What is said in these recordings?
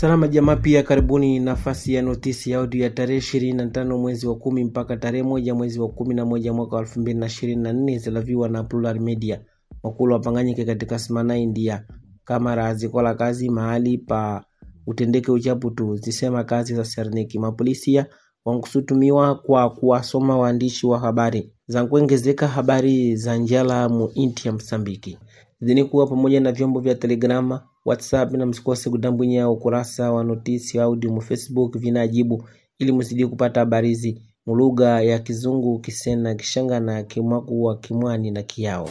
Salama jamaa, pia karibuni nafasi ya notisi ya audio ya tarehe 25 mwezi wa kumi mpaka tarehe moja mwezi wa kumi na moja mwaka wa 2024 zilaviwa na Plural Media. Wakulu wapanganyike katika simana India, kamera zikola kazi mahali pa utendeke uchapu tu, zisema kazi za serniki mapolisia wankusutumiwa kwa kuwasoma waandishi wa habari zankuengezeka habari za njala mu inti ya Msambiki zini kuwa pamoja na vyombo vya Telegrama, WhatsApp na msikose kutambwinya ukurasa wa notisi audio mu Facebook vinaajibu ili msije kupata habari hizi mulugha ya Kizungu, Kisena, Kishanga na Kimwakuwa, Kimwani na Kiao.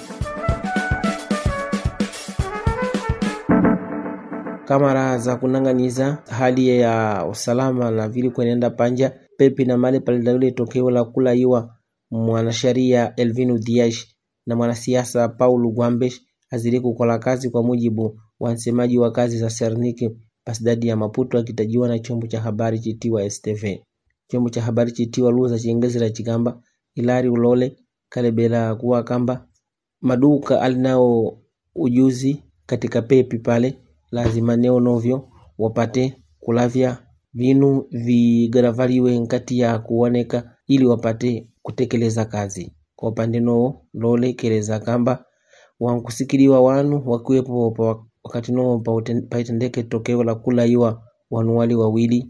kamara za kunanganiza hali ya usalama na vili kwenenda panja pepi na male palidaule tokeo la kula iwa mwanasharia Elvin Diash na mwanasiasa paulu Gwambesh kukola kazi kwa mujibu wa msemaji wa kazi za Pasdadi ya Maputo akitajiwa na chombo cha habari chitiwa STV chombo cha habari chitiwa Luza Chengezela chikamba Ilari Ulole Kalebela kuwa kamba maduka alinao ujuzi katika pepi pale lazima neo novyo wapate kulavya vinu vigaravaliwe nkati ya kuoneka ili wapate kutekeleza kazi. Kwa upande noo lole keleza kamba Wankusikiliwa wanu wakiwepo wakati wakatin'owo paitendeke tokeo la kula iwa wanu wali wawili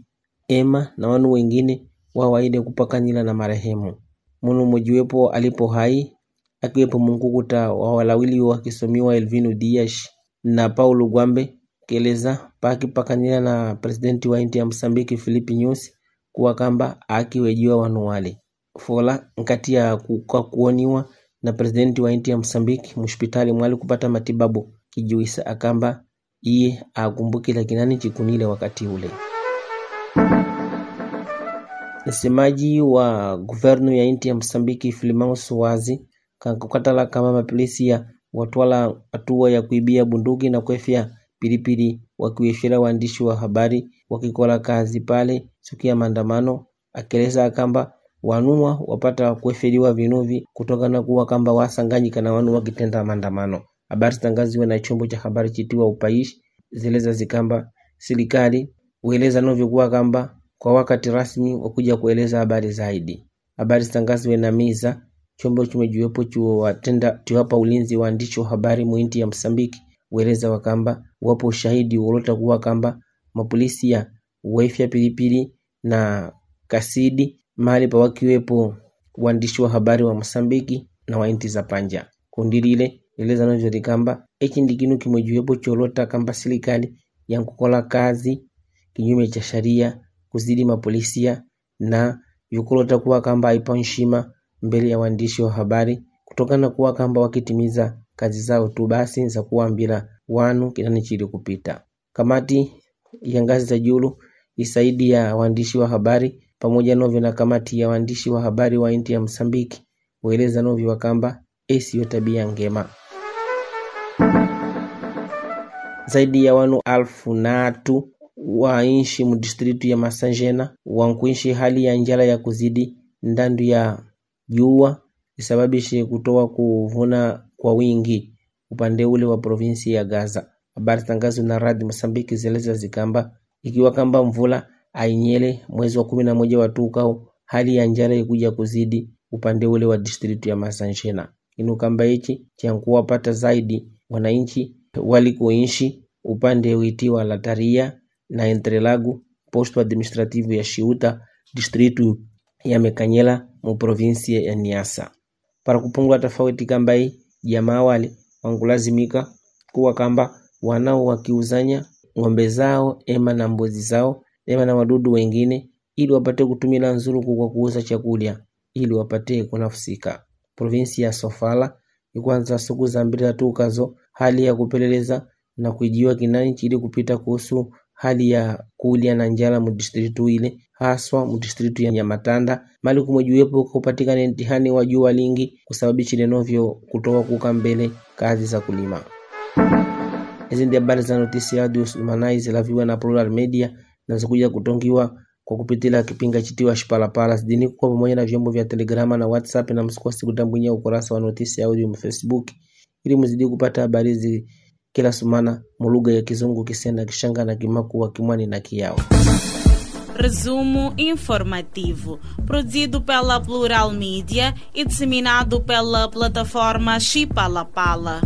ema na wanu wengine wawaile kupakanyila na marehemu, munu mujiwepo alipo hai akiwepo Munkukuta wawalawili wakisomiwa Elvino Dias na Paulo Gwambe keleza pakipakanyila na presidenti wa inti ya Msambiki Filipi Nyusi kuwa kamba akiwejiwa wanu wale fola nkati ya kuoniwa na Presidenti wa nchi ya Msambiki muxpitali mwali kupata matibabu kijiwisa akamba iye akumbuki kinani chikunile wakati ule. Msemaji wa guvernu ya nchi ya Msambiki Filimão Suwazi kankukatala kama mapolisi ya watwala hatua ya kuibia bunduki na kuefya pilipili wakiweshela waandishi wa habari wakikola kazi pale siku ya maandamano, akeleza akamba Wanua wapata kueferiwa vinuvi kutokana kuwa kamba wasanganyika na wanu wakitenda maandamano habari zitangaziwe na chombo cha habari chitiwa upaishi zileza zikamba silikali ueleza kuwa kamba kwa wakati rasmi wakuja kueleza habari zaidi. Habari zitangaziwe na miza chombo chuo watenda tiwapa ulinzi waandishi wa habari muinti ya Msambiki ueleza wakamba wapo ushahidi ulota kuwa kamba mapolisi ya waifya pilipili na kasidi mahali wakiwepo waandishi wa habari wa Mosambiki na wa inti za panja kundi lile lilezanozoti kamba echi ndi kinu kimojiwepo cholota kamba silikali yankukola kazi kinyume cha sharia kuzidi mapolisia na yukulota kuwa kamba aipa nshima mbele ya waandishi wa habari kutokana kuwa kamba wakitimiza kazi zao tu basi za kuwambira wanu kinani chili kupita. Kamati ya ngazi za julu isaidia waandishi wa habari pamoja novyo na kamati ya waandishi wa habari wa inti ya Msambiki waeleza novyo wakamba esiyo tabia ngema zaidi ya wanu alfu natu wainshi mudistritu ya Masanjena wankuishi hali ya njala ya kuzidi ndandu ya jua isababishe kutoa kuvuna kwa wingi upande ule wa provinsi ya Gaza. Habari tangazo na radi Msambiki zeleza zikamba ikiwa kamba mvula Ainyele mwezi wa kumi na moja Watukau hali ya njara ikuja kuzidi upande ule wa distrikti ya Masanshena inukamba ichi chankuwapata zaidi wananchi walikuinshi upande witiwa Lataria na Entrelagu posto administrativo ya Shiuta distritu ya Mekanyela mu provinsia ya Niasa para kupungula tofauti kambai jamaa wale wankulazimika kuwa kamba wanao wakiuzanya ng'ombe zao ema na mbuzi zao Lema na wadudu wengine ili wapate kutumila nzuluku kwa kuuza chakulya ili wapate kunafsika Provinsi ya Sofala ikuanza siku za mbili kazo hali ya kupeleleza na kujiwa kinani chili kupita kuhusu hali ya kulia na njala mu district ile haswa mu district ya Nyamatanda mali kumojuwepo kupatikana ntihani wa jua lingi kusababishile novyo kutoa kuka mbele kazi za kulima. Hizi ndio habari za notisi ya Audio Usumanai zilaviwa na Plural Media na zikuja kutongiwa kwa kupitila kipinga chitiwa Shipalapala. Sidini kuwa pamoja na vyombo vya Telegrama na WhatsApp, na msikosi kutambwinya ukurasa wa notisi audio mu Facebook ili mzidi kupata habari kila sumana mulugha ya Kizungu, Kisena, Kishanga na Kimakuwa, Kimwani na kiyao Resumo informativo, produzido pela Plural Media e disseminado pela plataforma Chipalapala.